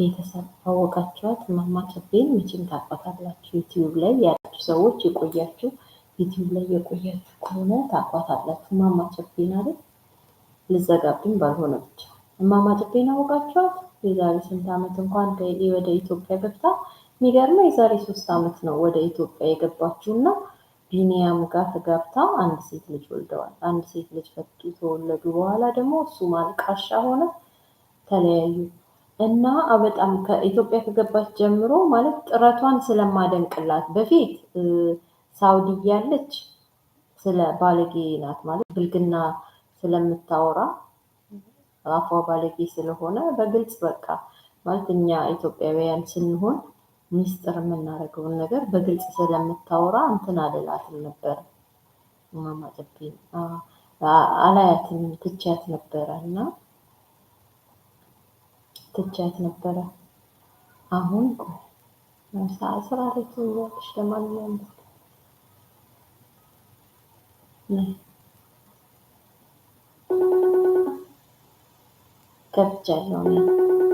ቤተሰብ አወቃቸዋት እማማ ጨቤን መቼም ታቋታላችሁ። ዩቲዩብ ላይ ያላችሁ ሰዎች የቆያችሁ ዩቲዩብ ላይ የቆያችሁ ከሆነ ታቋታላችሁ። እማማ ጨቤን አይደል ልዘጋብኝ ባልሆነ ብቻ እማማ ጨቤን የዛሬ ስንት ዓመት እንኳን ወደ ኢትዮጵያ ገብታ የሚገርመው የዛሬ ሶስት ዓመት ነው ወደ ኢትዮጵያ የገባችው እና ቢኒያም ጋር ተጋብታ አንድ ሴት ልጅ ወልደዋል። አንድ ሴት ልጅ ፈቱ። ተወለዱ በኋላ ደግሞ እሱ ማልቃሻ ሆነ፣ ተለያዩ። እና በጣም ከኢትዮጵያ ከገባች ጀምሮ ማለት ጥረቷን ስለማደንቅላት በፊት ሳውዲ ያለች ስለ ባለጌ ናት ማለት ብልግና ስለምታወራ አፏ ባለጌ ስለሆነ በግልጽ በቃ ማለት እኛ ኢትዮጵያውያን ስንሆን ሚስጥር የምናደርገውን ነገር በግልጽ ስለምታወራ እንትን አልላትም ነበር። ማማጨቤ አላያትም ትቻት ነበረ እና ትቻት ነበረ። አሁን ስራ ላይ ለማንኛውም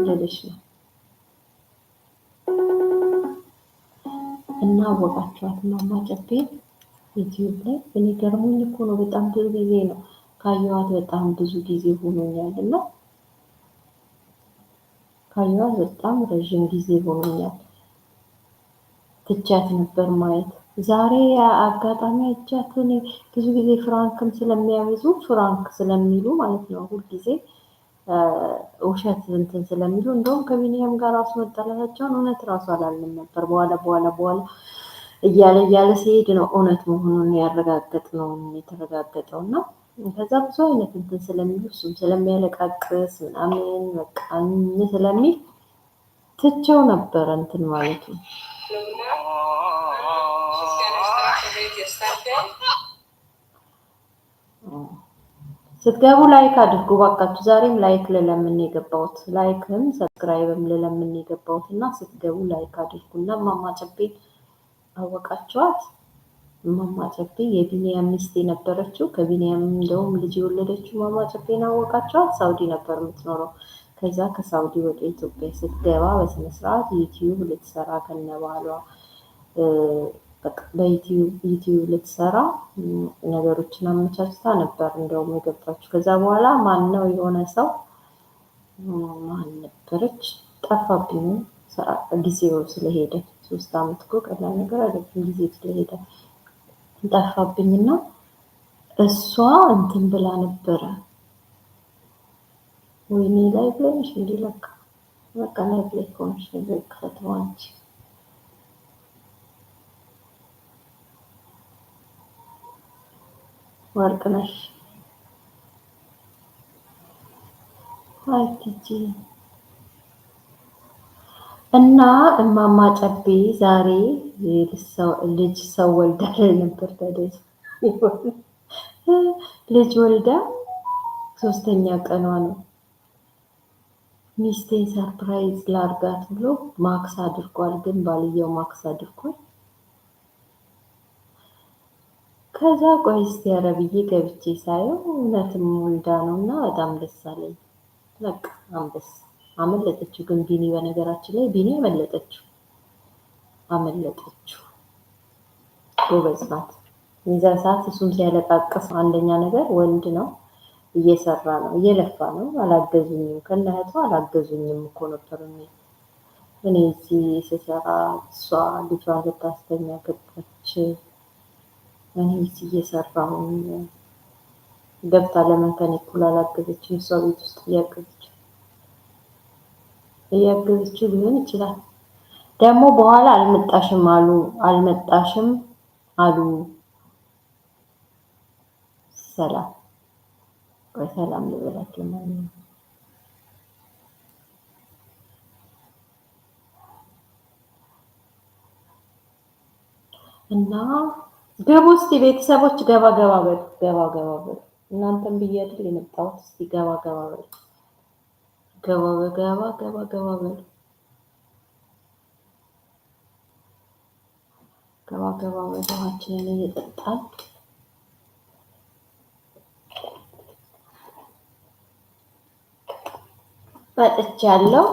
ልልሽ ነው እና አወቃችኋት ዩቲዩብ ላይ እኔ ገርሞኝ እኮ ነው። በጣም ብዙ ጊዜ ነው ካየኋት፣ በጣም ብዙ ጊዜ ሆኖኛል እና ካየኋት በጣም ረዥም ጊዜ ሆኖኛል። ትቻት ነበር ማየት። ዛሬ አጋጣሚ አይቻት እኔ ብዙ ጊዜ ፍራንክም ስለሚያበዙ ፍራንክ ስለሚሉ ማለት ነው ሁልጊዜ ውሸት እንትን ስለሚሉ እንደውም ከቢኒያም ጋር ራሱ መጣላታቸውን እውነት ራሱ አላለም ነበር። በኋላ በኋላ በኋላ እያለ እያለ ሲሄድ ነው እውነት መሆኑን ያረጋገጥ ነው የተረጋገጠው እና ከዛ ብዙ አይነት እንትን ስለሚል እሱም ስለሚያለቃቅስ ምናምን በቃ ስለሚል ትቸው ነበረ እንትን ነው። ስትገቡ ላይክ አድርጉ ባካችሁ። ዛሬም ላይክ ልለምን የገባሁት ላይክም ሰብስክራይብም ልለምን የገባሁት እና ስትገቡ ላይክ አድርጉ እና ማማጨቤ አወቃችኋት። ጨቤ የቢኒያም ሚስት የነበረችው ከቢኒያም እንደውም ልጅ የወለደችው ማማጨቤን አወቃቸዋት። ሳውዲ ነበር የምትኖረው። ከዛ ከሳውዲ ወደ ኢትዮጵያ ስትገባ በስነስርዓት ዩቲዩብ ልትሰራ ከነባሏ በዩቲዩብ ልትሰራ ነገሮችን አመቻችታ ነበር እንደውም የገባችው። ከዛ በኋላ ማን ነው የሆነ ሰው ማን ነበረች ጠፋብኝ። ጊዜው ስለሄደ ሶስት አመት እኮ ቀላል ነገር አይደለም። ጊዜ ስለሄደ ጠፋብኝና እሷ እንትን ብላ ነበረ ወይኔ ላይ ብለሽ እንዲለካ በቃ ላይ ብለሽ ኮንሽ ልክ ፈትዋንች ወርቅ ነሽ አይ ቲጂ እና እማማ ጨቤ ዛሬ ልጅ ሰው ወልዳ ነበር። ታዲያ ልጅ ወልዳ ሶስተኛ ቀኗ ነው። ሚስቴን ሰርፕራይዝ ላርጋት ብሎ ማክስ አድርጓል። ግን ባልየው ማክስ አድርጓል። ከዛ ቆይ እስቲ ኧረ ብዬ ገብቼ ሳየው እውነትም ወልዳ ነው እና በጣም ደስ አለኝ። በቃ አንበሳ አመለጠችው። ግን ቢኒ በነገራችን ላይ ቢኒ አመለጠችው አመለጠችው። ጎበዝ ናት። የዛን ሰዓት እሱም ሲያለቃቅስ አንደኛ ነገር ወንድ ነው፣ እየሰራ ነው፣ እየለፋ ነው። አላገዙኝም፣ ከነህቷ አላገዙኝም እኮ ነበር እኔ እዚህ ስሰራ እሷ ልጇ ልታስተኛ ገባች። እኔ እዚህ እየሰራሁኝ ገብታ ለምን ከኔ እኩል አላገዘችም? እሷ ቤት ውስጥ እያገዘች እያገዘችው ሊሆን ይችላል። ደግሞ በኋላ አልመጣሽም አሉ አልመጣሽም አሉ ሰላም ወይ ሰላም ልበላችሁ ማለት ነው። እና ገቡ እስቲ ቤተሰቦች ገባ ገባ በሉ ገባ ገባ በሉ እናንተም ብዬ አይደል የመጣሁት እስቲ ገባ ገባ በሉ። ገባ በገባ ገባ ገባ በሉ ገባ ገባ በገባችንን እየጠጣል መጥቻ ያለው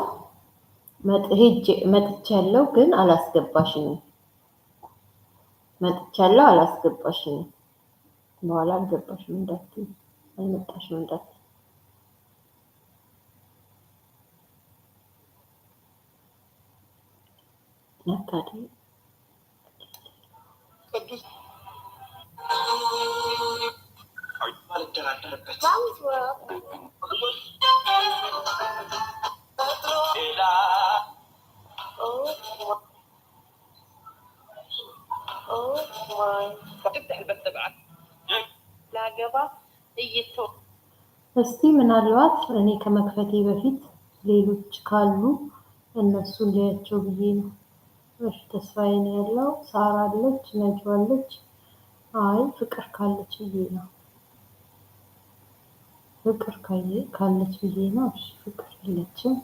መጥቻ ያለው ግን አላስገባሽንም። መጥቻ ያለው በኋላ አልገባሽም እንዳትዪ አልመጣሽም እንዳትዪ መታደል እስቲ ምናልባት እኔ ከመክፈቴ በፊት ሌሎች ካሉ እነሱን ላያቸው ብዬ ነው። እሺ ተስፋዬ ነው ያለው። ሳራ አለች፣ ነጅዋ አለች። አይ ፍቅር ካለች ብዬ ነው። ፍቅር ካለች ብዬ ነው። እሺ ፍቅር የለችም።